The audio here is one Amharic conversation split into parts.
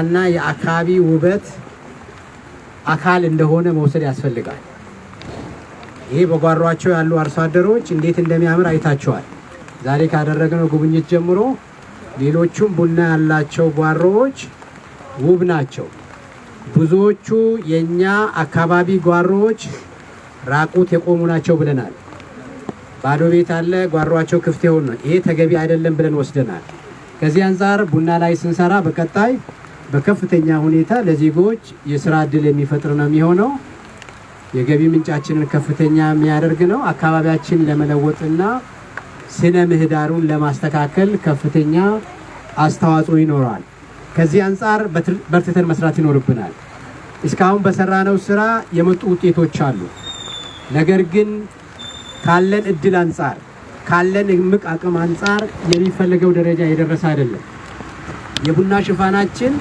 እና የአካባቢ ውበት አካል እንደሆነ መውሰድ ያስፈልጋል። ይሄ በጓሯቸው ያሉ አርሶ አደሮች እንዴት እንደሚያምር አይታቸዋል። ዛሬ ካደረግነው ጉብኝት ጀምሮ ሌሎቹም ቡና ያላቸው ጓሮዎች ውብ ናቸው። ብዙዎቹ የእኛ አካባቢ ጓሮዎች ራቁት የቆሙ ናቸው ብለናል። ባዶ ቤት አለ፣ ጓሯቸው ክፍት የሆኑ ነው። ይሄ ተገቢ አይደለም ብለን ወስደናል። ከዚህ አንጻር ቡና ላይ ስንሰራ በቀጣይ በከፍተኛ ሁኔታ ለዜጎች የስራ እድል የሚፈጥር ነው የሚሆነው። የገቢ ምንጫችንን ከፍተኛ የሚያደርግ ነው። አካባቢያችን ለመለወጥና ስነ ምህዳሩን ለማስተካከል ከፍተኛ አስተዋጽኦ ይኖረዋል። ከዚህ አንጻር በርትተን መስራት ይኖርብናል። እስካሁን በሰራነው ስራ የመጡ ውጤቶች አሉ። ነገር ግን ካለን እድል አንጻር ካለን እምቅ አቅም አንጻር የሚፈልገው ደረጃ የደረሰ አይደለም። የቡና ሽፋናችን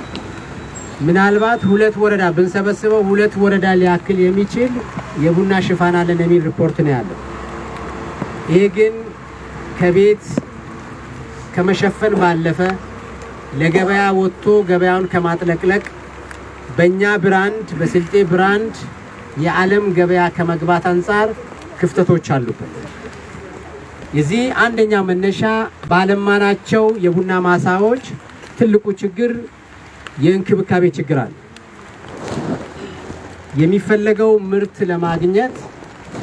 ምናልባት ሁለት ወረዳ ብንሰበስበው ሁለት ወረዳ ሊያክል የሚችል የቡና ሽፋን አለን የሚል ሪፖርት ነው ያለው። ይህ ግን ከቤት ከመሸፈን ባለፈ ለገበያ ወጥቶ ገበያውን ከማጥለቅለቅ በእኛ ብራንድ በስልጤ ብራንድ የዓለም ገበያ ከመግባት አንጻር ክፍተቶች አሉበት። የዚህ አንደኛ መነሻ ባለማናቸው የቡና ማሳዎች ትልቁ ችግር የእንክብካቤ ችግር አለ። የሚፈለገው ምርት ለማግኘት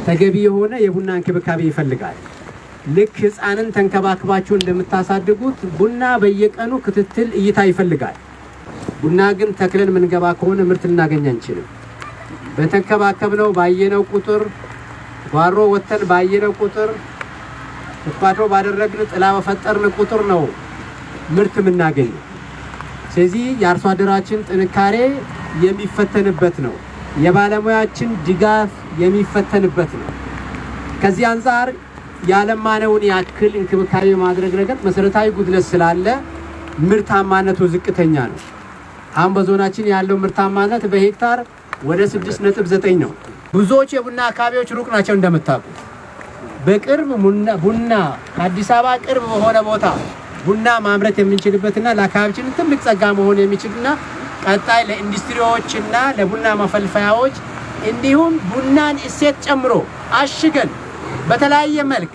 ተገቢ የሆነ የቡና እንክብካቤ ይፈልጋል። ልክ ህፃንን ተንከባክባችሁ እንደምታሳድጉት ቡና በየቀኑ ክትትል እይታ ይፈልጋል። ቡና ግን ተክለን ምንገባ ከሆነ ምርት ልናገኝ አንችልም። በተንከባከብነው ባየነው ቁጥር ጓሮ ወተን ባየነው ቁጥር ቁጥቋጦ ባደረግን ጥላ በፈጠርን ቁጥር ነው ምርት የምናገኘው። ስለዚህ የአርሶ አደራችን ጥንካሬ የሚፈተንበት ነው። የባለሙያችን ድጋፍ የሚፈተንበት ነው። ከዚህ አንጻር ያለማነውን ያክል እንክብካቤ ማድረግ ረገድ መሰረታዊ ጉድለት ስላለ ምርታማነቱ ዝቅተኛ ነው። አሁን በዞናችን ያለው ምርታማነት በሄክታር ወደ 6.9 ነው። ብዙዎች የቡና አካባቢዎች ሩቅ ናቸው እንደምታውቁ። በቅርብ ቡና ከአዲስ አበባ ቅርብ በሆነ ቦታ ቡና ማምረት የምንችልበትና ለአካባቢችን ትልቅ ጸጋ መሆን የሚችልና ቀጣይ ለኢንዱስትሪዎችና ለቡና ማፈልፈያዎች እንዲሁም ቡናን እሴት ጨምሮ አሽገን በተለያየ መልክ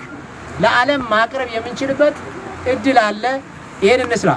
ለዓለም ማቅረብ የምንችልበት እድል አለ። ይህን እንስራ።